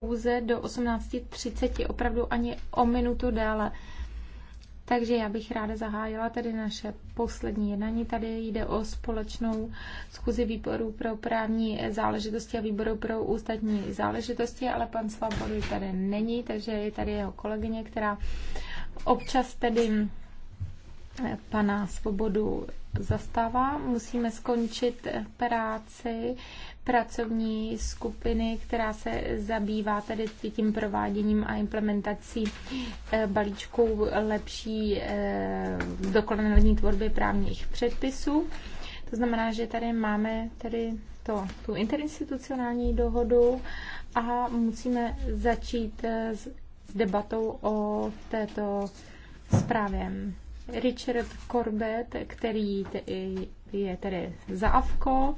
pouze do 18.30, opravdu ani o minutu déle. Takže já bych ráda zahájila tady naše poslední jednání. Tady jde o společnou schůzi výboru pro právní záležitosti a výboru pro ústatní záležitosti, ale pan Svobody tady není, takže je tady jeho kolegyně, která občas tedy pana Svobodu zastává. Musíme skončit práci pracovní skupiny, která se zabývá tedy tím prováděním a implementací eh, balíčku lepší eh, dokonalní tvorby právních předpisů. To znamená, že tady máme tedy to, tu interinstitucionální dohodu a musíme začít eh, s debatou o této zprávě. Richard Corbett, který je tedy za AFKO,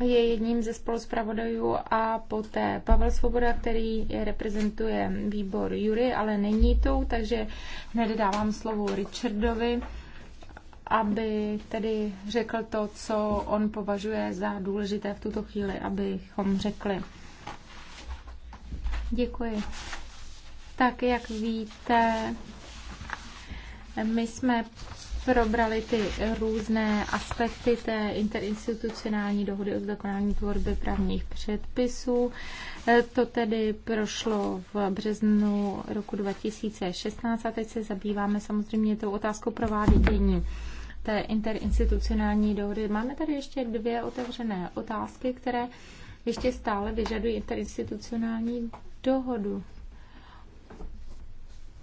je jedním ze spoluzpravodajů a poté Pavel Svoboda, který reprezentuje výbor Jury, ale není tu, takže hned dávám slovo Richardovi, aby tedy řekl to, co on považuje za důležité v tuto chvíli, abychom řekli. Děkuji. Tak, jak víte, my jsme probrali ty různé aspekty té interinstitucionální dohody o zdokonální tvorby právních předpisů. E, to tedy prošlo v březnu roku 2016 a teď se zabýváme samozřejmě tou otázkou provádění té interinstitucionální dohody. Máme tady ještě dvě otevřené otázky, které ještě stále vyžadují interinstitucionální dohodu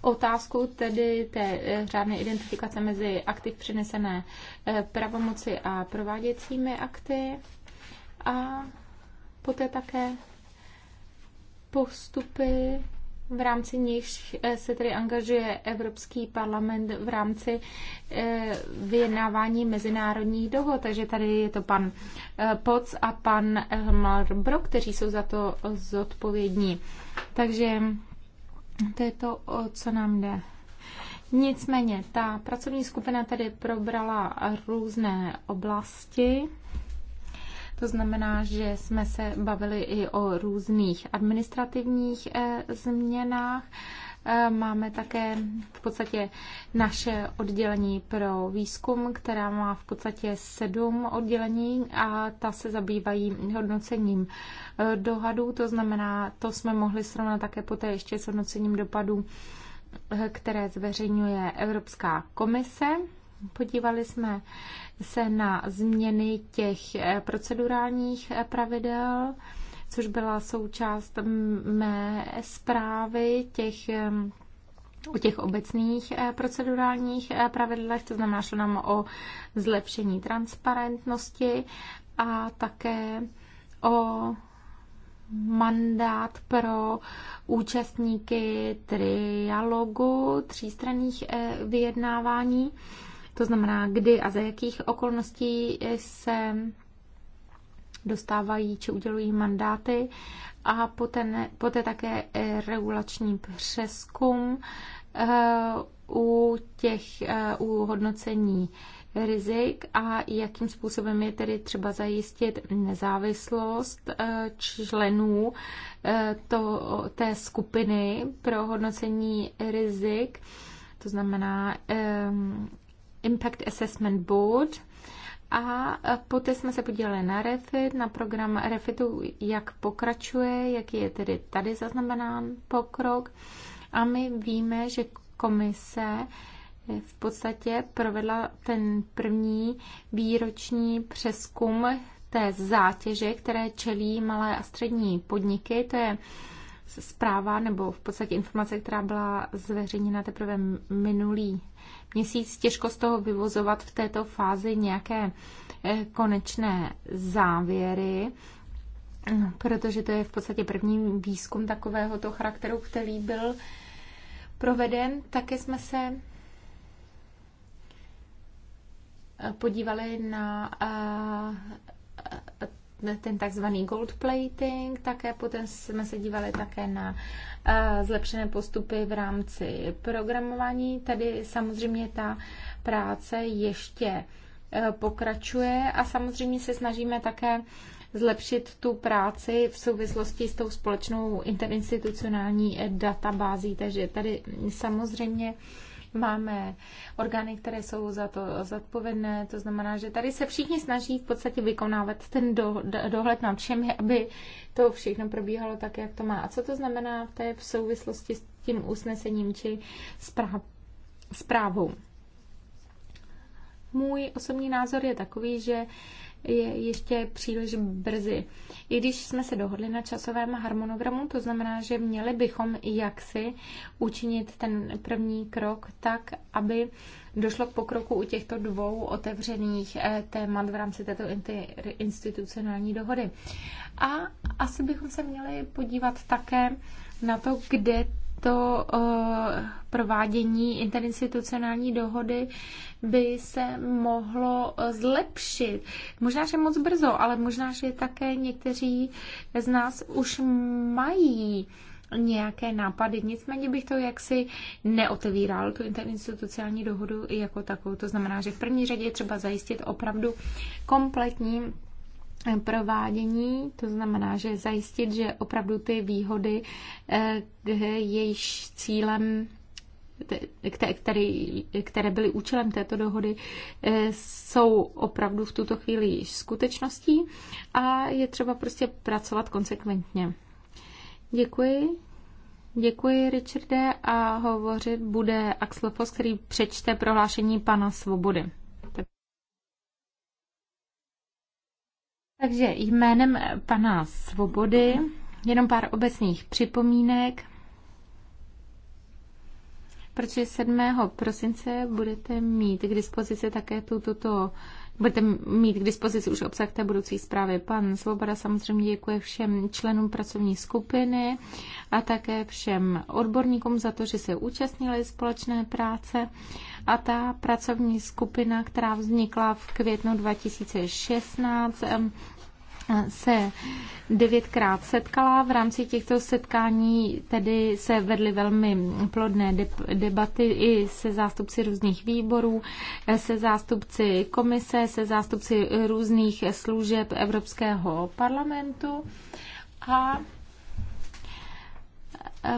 otázku tedy té eh, řádné identifikace mezi akty přenesené eh, pravomoci a prováděcími akty a poté také postupy, v rámci nichž eh, se tedy angažuje Evropský parlament v rámci vyjednávání mezinárodních dohod. Takže tady je to pan Poc a pan Elmar Brok, kteří jsou za to zodpovědní. Takže to je to, o co nám jde. Nicméně, ta pracovní skupina tedy probrala různé oblasti. To znamená, že jsme se bavili i o různých administrativních eh, změnách. Eh, máme také v podstatě naše oddělení pro výzkum, která má v podstatě sedm oddělení a ta se zabývají hodnocením eh, dohadů. To znamená, to jsme mohli srovnat také poté ještě s hodnocením dopadů, eh, které zveřejňuje Evropská komise. Podívali jsme se na změny těch procedurálních pravidel což byla součást mé zprávy těch o těch obecných eh, procedurálních eh, pravidlech, to znamená, šlo nám o zlepšení transparentnosti a také o mandát pro účastníky trialogu, třístranných eh, vyjednávání. To znamená, kdy a za jakých okolností se dostávají či udělují mandáty a poté, poté také eh, regulační přeskum eh, u těch eh, u hodnocení rizik a jakým způsobem je tedy třeba zajistit nezávislost členů to, té skupiny pro hodnocení rizik, to znamená Impact Assessment Board, a poté jsme se podívali na Refit, na program Refitu, jak pokračuje, jaký je tedy tady zaznamenán pokrok. A my víme, že komise v podstatě provedla ten první výroční přeskum té zátěže, které čelí malé a střední podniky. To je zpráva nebo v podstatě informace, která byla zveřejněna teprve minulý měsíc. Těžko z toho vyvozovat v této fázi nějaké eh, konečné závěry, no, protože to je v podstatě první výzkum takovéhoto charakteru, který byl proveden. Také jsme se eh, podívali na eh, ten takzvaný gold plating, také potom jsme se dívali také na eh, zlepšené postupy v rámci programování. Tady samozřejmě ta práce ještě eh, pokračuje a samozřejmě se snažíme také zlepšit tu práci v souvislosti s tou společnou interinstitucionální databází. Takže tady samozřejmě máme orgány, které jsou za to zodpovědné, to znamená, že tady se všichni snaží v podstatě vykonávat ten do, do, dohled nad všemi, aby to všechno probíhalo tak, jak to má. A co to znamená v té v souvislosti s tím usnesením či zpráv, zprávou? Můj osobní názor je takový, že je ještě příliš brzy. I když jsme se dohodli na časovém harmonogramu, to znamená, že měli bychom jaksi učinit ten první krok tak, aby došlo k pokroku u těchto dvou otevřených eh, témat v rámci této institucionální dohody. A asi bychom se měli podívat také na to, kde to eh, provádění interinstitucionální dohody by se mohlo eh, zlepšit. Možná, že moc brzo, ale možná, že také někteří z nás už mají nějaké nápady. Nicméně bych to jaksi neotevíral, tu interinstitucionální dohodu jako takovou. To znamená, že v první řadě je třeba zajistit opravdu kompletní provádění, to znamená, že zajistit, že opravdu ty výhody, eh, jejíž cílem které byly účelem této dohody, eh, jsou opravdu v tuto chvíli již skutečností a je třeba prostě pracovat konsekventně. Děkuji. Děkuji, Richarde, a hovořit bude Axel Foss, který přečte prohlášení pana Svobody. Takže jménem pana Svobody jenom pár obecných připomínek, protože 7. prosince budete mít k dispozici také tu, tuto budete mít k dispozici už obsah té budoucí zprávy. Pan Svoboda samozřejmě děkuje všem členům pracovní skupiny a také všem odborníkům za to, že se účastnili společné práce. A ta pracovní skupina, která vznikla v květnu 2016, se devětkrát setkala. V rámci těchto setkání tedy se vedly velmi plodné debaty i se zástupci různých výborů, se zástupci komise, se zástupci různých služeb Evropského parlamentu. A e,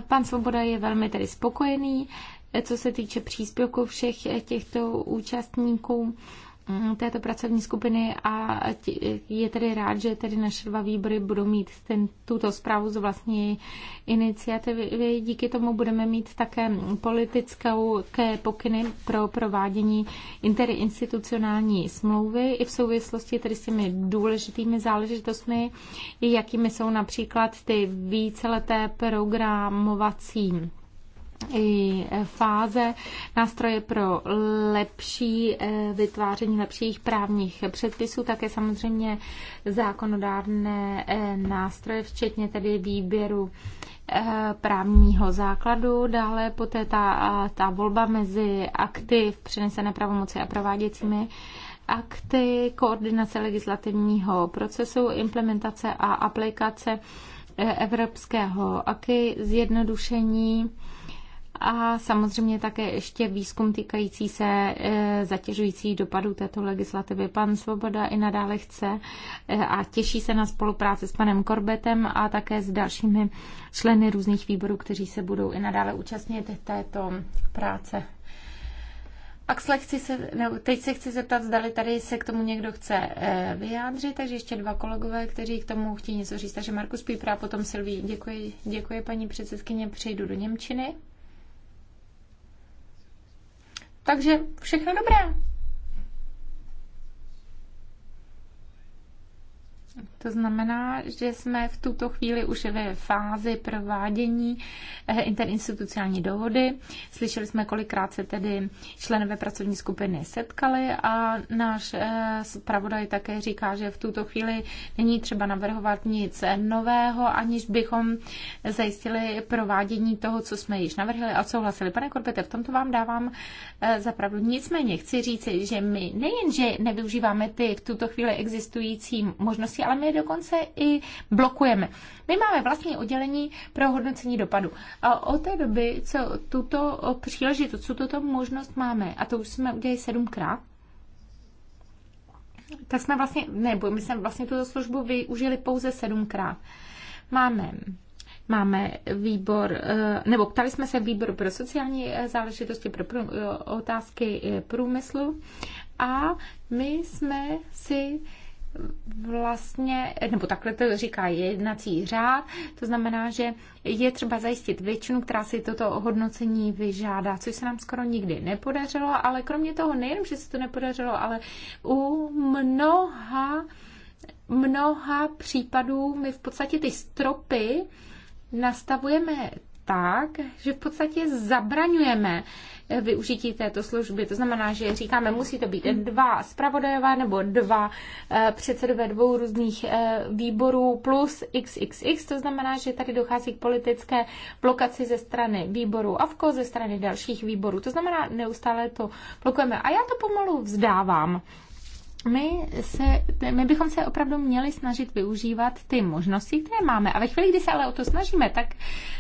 pan Svoboda je velmi tedy spokojený, e, co se týče příspěvku všech těchto účastníků. Mm, této pracovní skupiny a je tedy rád, že tedy naše dva výbory budou mít ten, tuto zprávu z vlastní iniciativy. Díky tomu budeme mít také politickou pokyny pro provádění interinstitucionální smlouvy i v souvislosti tedy s těmi důležitými záležitostmi, jakými jsou například ty víceleté programovací i fáze, nástroje pro lepší eh, vytváření lepších právních předpisů, také samozřejmě zákonodárné eh, nástroje, včetně tedy výběru eh, právního základu, dále poté ta, ta volba mezi akty v přenesené pravomoci a prováděcími akty, koordinace legislativního procesu, implementace a aplikace evropského aky, zjednodušení a samozřejmě také ještě výzkum týkající se e, zatěžující dopadů této legislativy. Pan Svoboda i nadále chce e, a těší se na spolupráci s panem Korbetem a také s dalšími členy různých výborů, kteří se budou i nadále účastnit této práce. Axle, chci se, ne, no, teď se chci zeptat, zdali tady se k tomu někdo chce e, vyjádřit, takže ještě dva kolegové, kteří k tomu chtějí něco říct. Takže Markus Pípra a potom Silví. Děkuji, děkuji paní předsedkyně, přejdu do Němčiny. Takže všechno dobré. To znamená, že jsme v tuto chvíli už ve fázi provádění eh, interinstitucionální dohody. Slyšeli jsme, kolikrát se tedy členové pracovní skupiny setkali a náš eh, zpravodaj také říká, že v tuto chvíli není třeba navrhovat nic nového, aniž bychom zajistili provádění toho, co jsme již navrhli a souhlasili. Pane Korbete, v tomto vám dávám eh, zapravdu. Nicméně chci říci, že my nejenže nevyužíváme ty v tuto chvíli existující možnosti, ale my je dokonce i blokujeme. My máme vlastní oddělení pro hodnocení dopadu. A od té doby, co tuto příležitost, co tuto možnost máme, a to už jsme udělali sedmkrát, tak jsme vlastně, nebo my jsme vlastně tuto službu využili pouze sedmkrát. Máme máme výbor, eh, nebo ptali jsme se výboru pro sociální eh, záležitosti, pro prů, eh, otázky průmyslu a my jsme si vlastně, nebo takhle to říká jednací řád, to znamená, že je třeba zajistit většinu, která si toto ohodnocení vyžádá, což se nám skoro nikdy nepodařilo, ale kromě toho nejenom, že se to nepodařilo, ale u mnoha, mnoha případů my v podstatě ty stropy nastavujeme tak, že v podstatě zabraňujeme využití této služby. To znamená, že říkáme, musí to být dva zpravodajové nebo dva eh, předsedové dvou různých eh, výborů plus XXX, to znamená, že tady dochází k politické blokaci ze strany výboru AVKO, ze strany dalších výborů. To znamená, neustále to blokujeme. A já to pomalu vzdávám my, se, my bychom se opravdu měli snažit využívat ty možnosti, které máme. A ve chvíli, kdy se ale o to snažíme, tak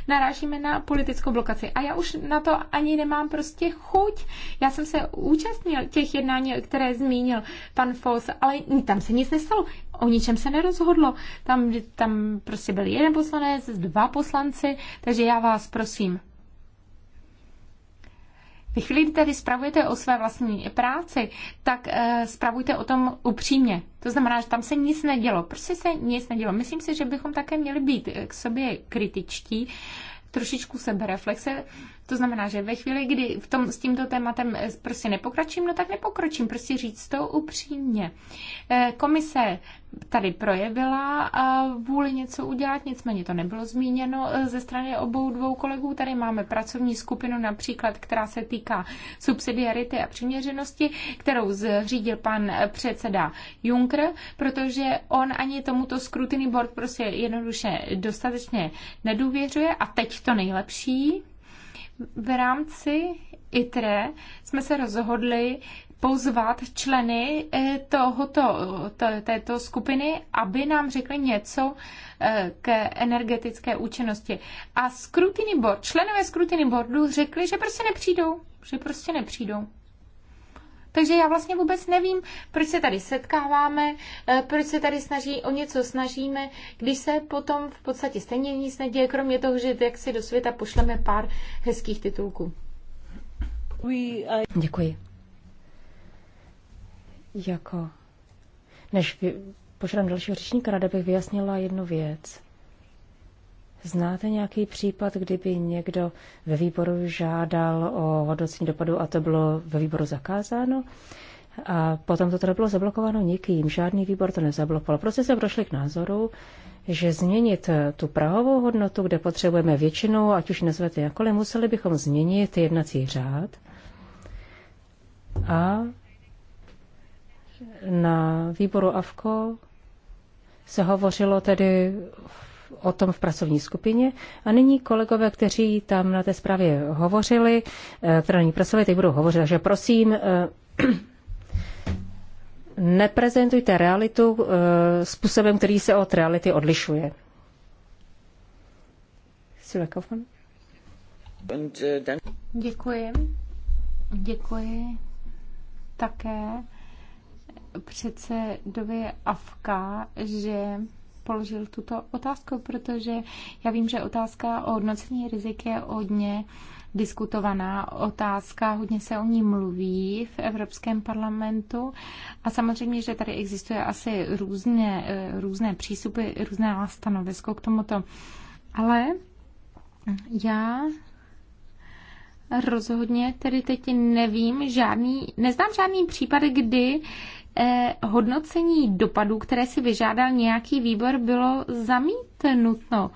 narážíme na politickou blokaci. A já už na to ani nemám prostě chuť. Já jsem se účastnil těch jednání, které zmínil pan Fos, ale tam se nic nestalo. O ničem se nerozhodlo. Tam, tam prostě byl jeden poslanec, dva poslanci, takže já vás prosím, vy chvíli, kdy tady spravujete o své vlastní práci, tak e, spravujte o tom upřímně. To znamená, že tam se nic nedělo. Prostě se nic nedělo. Myslím si, že bychom také měli být k sobě kritičtí trošičku sebereflexe. To znamená, že ve chvíli, kdy v tom, s tímto tématem eh, prostě nepokračím, no tak nepokročím, prostě říct to upřímně. Eh, komise tady projevila eh, vůli něco udělat, nicméně to nebylo zmíněno ze strany obou dvou kolegů. Tady máme pracovní skupinu například, která se týká subsidiarity a přiměřenosti, kterou zřídil pan předseda Juncker, protože on ani tomuto scrutiny board prostě jednoduše dostatečně nedůvěřuje a teď to nejlepší. V rámci ITRE jsme se rozhodli pozvat členy eh, tohoto, této skupiny, aby nám řekli něco eh, k energetické účinnosti. A scrutiny board, členové scrutiny boardu řekli, že prostě nepřijdou, že prostě nepřijdou. Takže já vlastně vůbec nevím, proč se tady setkáváme, eh, proč se tady snaží o něco snažíme, když se potom v podstatě stejně nic neděje, kromě toho, že jak si do světa pošleme pár hezkých titulků. Eh, Děkuji. Jako, než vy... požádám dalšího řečníka, ráda bych vyjasnila jednu věc. Znáte nějaký případ, kdyby někdo ve výboru žádal o hodnocení dopadu a to bylo ve výboru zakázáno? A potom to teda bylo zablokováno nikým, žádný výbor to nezablokoval. Prostě se prošli k názoru, že změnit tu prahovou hodnotu, kde potřebujeme většinu, ať už nazvete jakkoliv, museli bychom změnit jednací řád a na výboru AVKO se hovořilo tedy o tom v pracovní skupině. A nyní kolegové, kteří tam na té zprávě hovořili, které eh, ní pracovali, teď budou hovořit. že prosím, eh, neprezentujte realitu eh, způsobem, který se od reality odlišuje. Sile Děkuji. Děkuji také předsedovi Avka, že položil tuto otázku, protože já vím, že otázka o hodnocení rizik je hodně diskutovaná otázka, hodně se o ní mluví v Evropském parlamentu a samozřejmě, že tady existuje asi různé, eh, různé přístupy, různá stanovisko k tomuto. Ale já rozhodně tedy teď nevím žádný, neznám žádný případ, kdy eh, hodnocení dopadů, které si vyžádal nějaký výbor, bylo zamítnuto.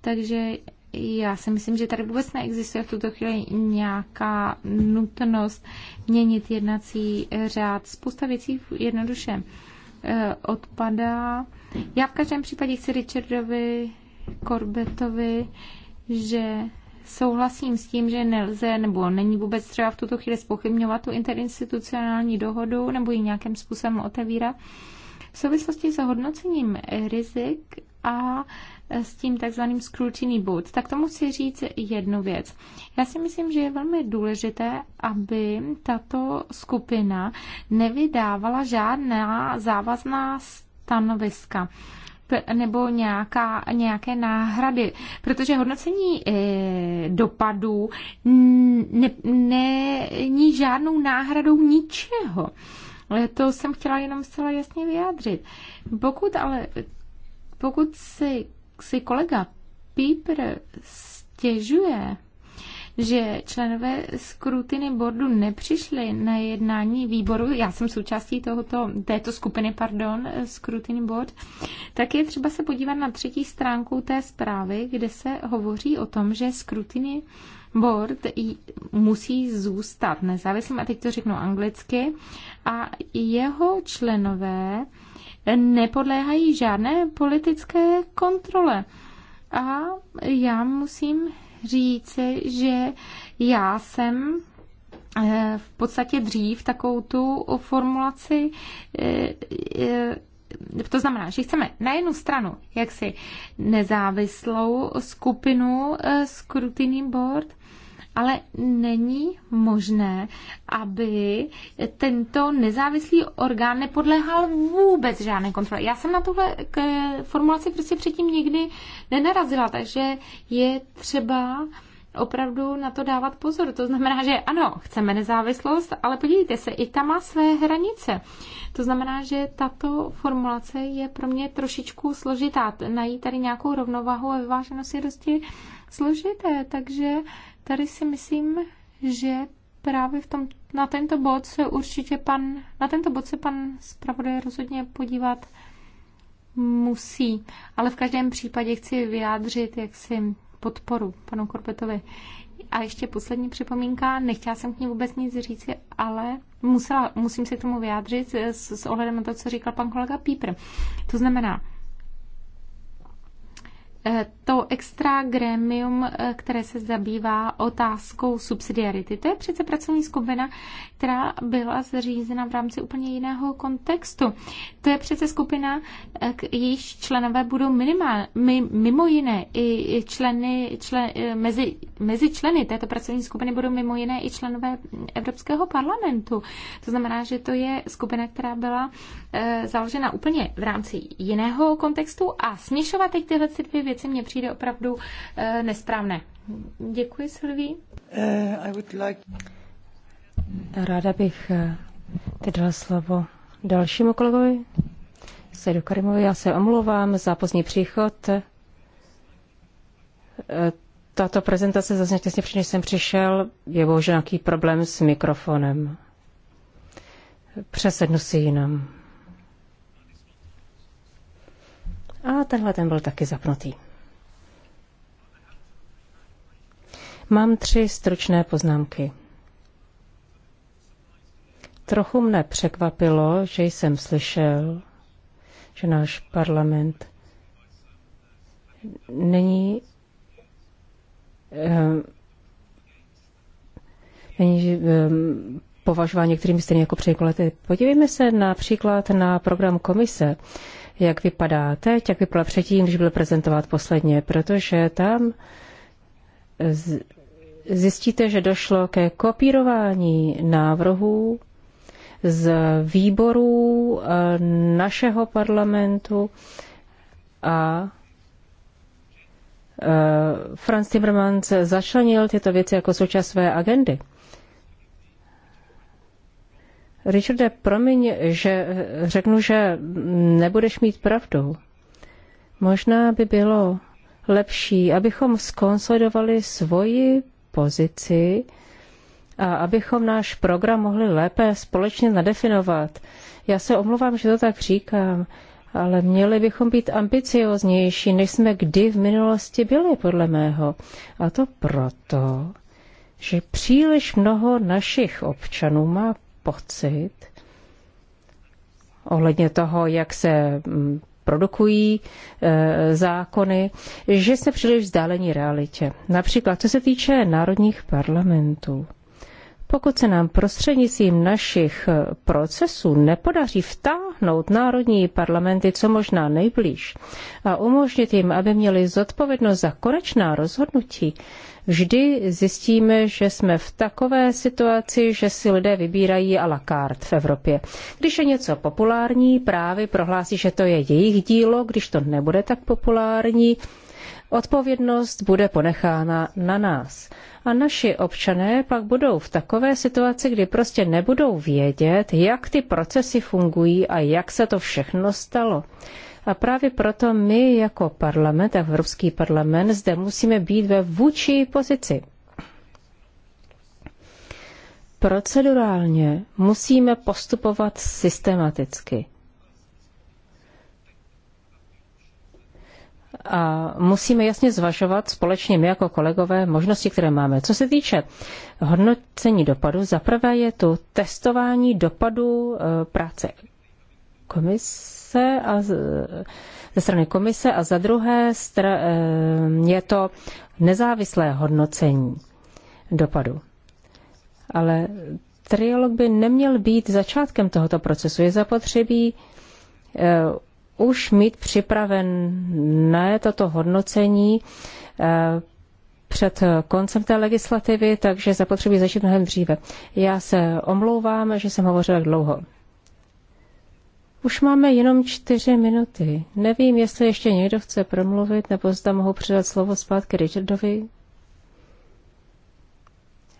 Takže já si myslím, že tady vůbec neexistuje v tuto chvíli nějaká nutnost měnit jednací eh, řád. Spousta věcí jednoduše eh, odpadá. Já v každém případě chci Richardovi Korbetovi, že souhlasím s tím, že nelze nebo není vůbec třeba v tuto chvíli spochybňovat tu interinstitucionální dohodu nebo ji nějakým způsobem otevírat. V souvislosti s hodnocením rizik a s tím takzvaným scrutiny bod. tak tomu chci říct jednu věc. Já si myslím, že je velmi důležité, aby tato skupina nevydávala žádná závazná stanoviska nebo nějaká, nějaké náhrady, protože hodnocení eh, dopadů není žádnou náhradou ničeho. To jsem chtěla jenom zcela jasně vyjádřit. Pokud ale, pokud si, si kolega Píper stěžuje, že členové skrutiny bordu nepřišli na jednání výboru, já jsem součástí tohoto, této skupiny, pardon, skrutiny board, tak je třeba se podívat na třetí stránku té zprávy, kde se hovoří o tom, že skrutiny board musí zůstat nezávislým, a teď to řeknu anglicky, a jeho členové nepodléhají žádné politické kontrole. A já musím říci, že já jsem eh, v podstatě dřív takovou tu formulaci eh, eh, to znamená, že chceme na jednu stranu jaksi nezávislou skupinu scrutiny board, ale není možné, aby tento nezávislý orgán nepodléhal vůbec žádné kontrole. Já jsem na tuhle k formulaci prostě předtím nikdy nenarazila, takže je třeba opravdu na to dávat pozor. To znamená, že ano, chceme nezávislost, ale podívejte se, i ta má své hranice. To znamená, že tato formulace je pro mě trošičku složitá. Najít tady nějakou rovnováhu a vyváženost je dosti složité, takže tady si myslím, že právě v tom, na tento bod se určitě pan, na tento bod se pan zpravodaj rozhodně podívat musí. Ale v každém případě chci vyjádřit jaksi podporu panu Korbetovi. A ještě poslední připomínka, nechtěla jsem k ní vůbec nic říct, ale musela, musím se k tomu vyjádřit s, s ohledem na to, co říkal pan kolega Pípr. To znamená, to extra gremium, eh, které se zabývá otázkou subsidiarity. To je přece pracovní skupina, která byla zřízena v rámci úplně jiného kontextu. To je přece skupina, eh, jejíž členové budou minimál, mimo jiné i členy, člen, eh, mezi, mezi členy této pracovní skupiny budou mimo jiné i členové Evropského parlamentu. To znamená, že to je skupina, která byla založena úplně v rámci jiného kontextu a směšovat teď tyhle dvě věci věci mně přijde opravdu eh, nesprávné. Děkuji, Silví. Eh, like... Ráda bych eh, teď dala slovo dalšímu kolegovi, Sejdu Karimovi. Já se omlouvám za pozdní příchod. Tato prezentace zazněla těsně před, než jsem přišel. Je bohužel nějaký problém s mikrofonem. Přesednu si jinam. A tenhle ten byl taky zapnutý. Mám tři stručné poznámky. Trochu mne překvapilo, že jsem slyšel, že náš parlament není, um, není um, považován některými stejně jako před Podívejme se například na program komise. Uh, jak vypadá teď, jak vypadá předtím, když byl prezentovat posledně, protože tam zjistíte, že došlo ke kopírování návrhů z výborů eh, našeho parlamentu a eh, Franz Timmermans začlenil tyto věci jako součást své agendy. Richarde, promiň, že řeknu, že nebudeš mít pravdu. Možná by bylo lepší, abychom skonsolidovali svoji pozici a abychom náš program mohli lépe společně nadefinovat. Já se omluvám, že to tak říkám, ale měli bychom být ambicioznější, než jsme kdy v minulosti byli, podle mého. A to proto, že příliš mnoho našich občanů má pocit ohledně toho, jak se mm, produkují e, zákony, že jsme příliš vzdálení realitě. Například, co se týče národních parlamentů. Pokud se nám prostřednictvím našich eh, procesů nepodaří vtáhnout národní parlamenty co možná nejblíž a umožnit jim, aby měli zodpovědnost za konečná rozhodnutí, vždy zjistíme, že jsme v takové situaci, že si lidé vybírají a la carte v Evropě. Když je něco populární, právě prohlásí, že to je jejich dílo, když to nebude tak populární, Odpovědnost bude ponechána na nás. A naši občané pak budou v takové situaci, kdy prostě nebudou vědět, jak ty procesy fungují a jak se to všechno stalo. A právě proto my jako parlament, Evropský parlament, zde musíme být ve vůči pozici. Procedurálně musíme postupovat systematicky. a musíme jasně zvažovat společně my jako kolegové možnosti, které máme. Co se týče hodnocení dopadu, zaprvé je to testování dopadu e, práce komise a ze strany komise a za druhé e, je to nezávislé hodnocení dopadu. Ale trialog by neměl být začátkem tohoto procesu. Je zapotřebí e, už mít připravené toto hodnocení eh, před koncem té legislativy, takže zapotřebí začít mnohem dříve. Já se omlouvám, že jsem hovořila dlouho. Už máme jenom čtyři minuty. Nevím, jestli ještě někdo chce promluvit, nebo zda mohu předat slovo zpátky Richardovi.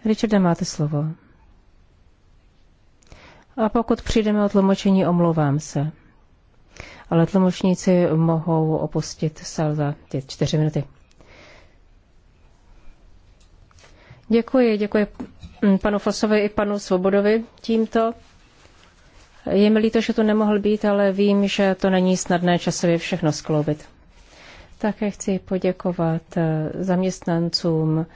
Richarde, máte slovo. A pokud přijdeme o tlumočení, omlouvám se ale tlumočníci mohou opustit sal za ty čtyři minuty. Děkuji, děkuji panu Fosovi i panu Svobodovi tímto. Je mi líto, že to nemohl být, ale vím, že to není snadné časově všechno skloubit. Také chci poděkovat eh, zaměstnancům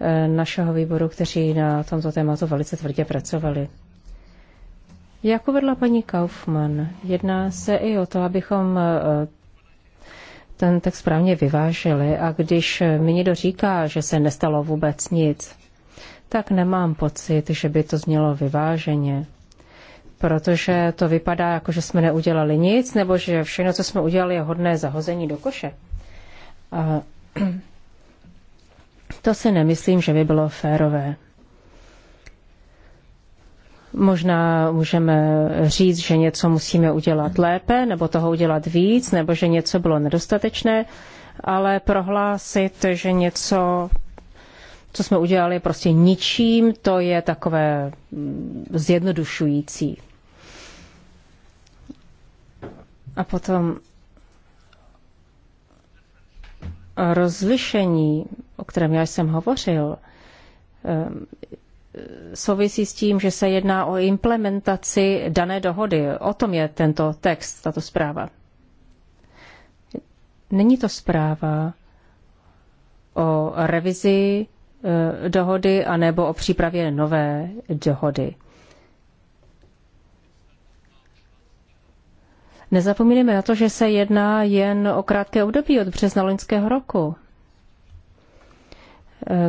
eh, našeho výboru, kteří na tomto tématu velice tvrdě pracovali. Jak uvedla paní Kaufmann, jedná se i o to, abychom e, ten tak správně vyvážili a když mi někdo říká, že se nestalo vůbec nic, tak nemám pocit, že by to znělo vyváženě. Protože to vypadá jako, že jsme neudělali nic, nebo že všechno, co jsme udělali, je hodné zahození do koše. A to si nemyslím, že by bylo férové. Možná můžeme říct, že něco musíme udělat lépe, nebo toho udělat víc, nebo že něco bylo nedostatečné, ale prohlásit, že něco, co jsme udělali, prostě ničím, to je takové mm, zjednodušující. A potom rozlišení, o kterém já jsem hovořil, ehm, souvisí s tím, že se jedná o implementaci dané dohody. O tom je tento text, tato zpráva. Není to zpráva o revizi eh, dohody anebo o přípravě nové dohody. Nezapomínáme na to, že se jedná jen o krátké období od března loňského roku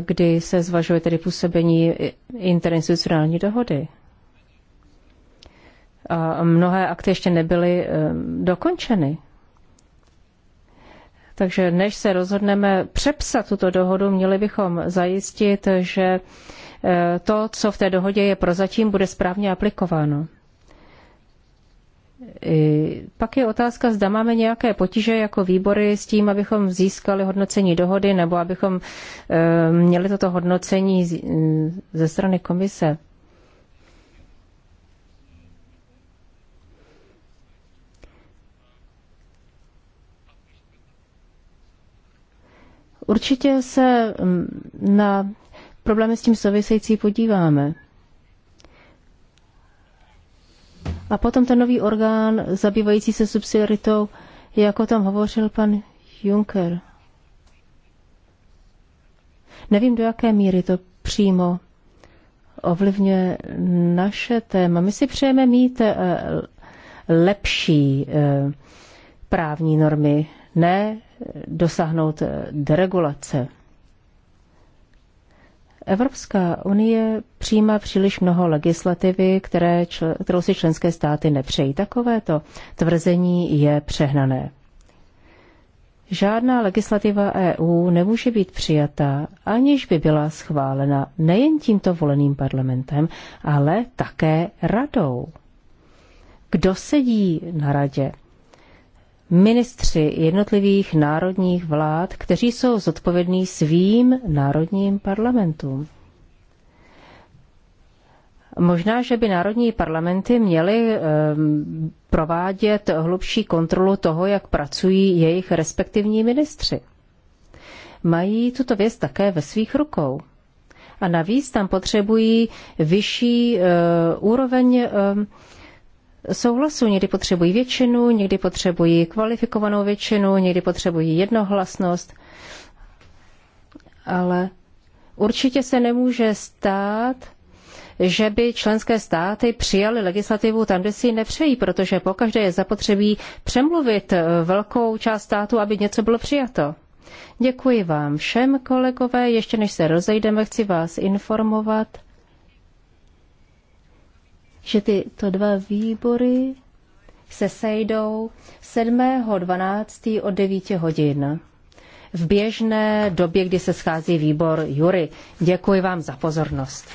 kdy se zvažuje tedy působení interinstitucionální dohody. A mnohé akty ještě nebyly eh, dokončeny. Takže než se rozhodneme přepsat tuto dohodu, měli bychom zajistit, že eh, to, co v té dohodě je prozatím, bude správně aplikováno. Pak je otázka, zda máme nějaké potíže jako výbory s tím, abychom získali hodnocení dohody nebo abychom e, měli toto hodnocení e, ze strany komise. Určitě se na problémy s tím související podíváme. A potom ten nový orgán zabývající se subsidiaritou, jako tam hovořil pan Juncker. Nevím, do jaké míry to přímo ovlivňuje naše téma. My si přejeme mít eh, lepší eh, právní normy, ne dosáhnout eh, deregulace. Evropská unie přijímá příliš mnoho legislativy, které, kterou si členské státy nepřejí. Takovéto tvrzení je přehnané. Žádná legislativa EU nemůže být přijatá, aniž by byla schválena nejen tímto voleným parlamentem, ale také radou. Kdo sedí na radě? ministři jednotlivých národních vlád, kteří jsou zodpovědní svým národním parlamentům. Možná, že by národní parlamenty měly eh, provádět hlubší kontrolu toho, jak pracují jejich respektivní ministři. Mají tuto věc také ve svých rukou. A navíc tam potřebují vyšší eh, úroveň eh, souhlasu. Někdy potřebují většinu, někdy potřebují kvalifikovanou většinu, někdy potřebují jednohlasnost. Ale určitě se nemůže stát, že by členské státy přijaly legislativu tam, kde si ji nepřejí, protože pokaždé je zapotřebí přemluvit velkou část státu, aby něco bylo přijato. Děkuji vám všem, kolegové. Ještě než se rozejdeme, chci vás informovat, že tyto dva výbory se sejdou 7.12. od 9 hodin v běžné době, kdy se schází výbor Jury. Děkuji vám za pozornost.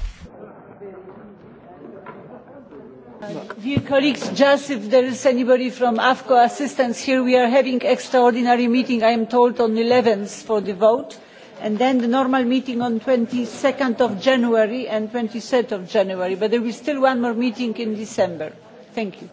Dear colleagues, just if there is anybody from AFCO assistance here, we are having extraordinary meeting, I am told, on 11th for the vote and then the normal meeting on 22nd of January and 23rd of January. But there will still one more meeting in December. Thank you.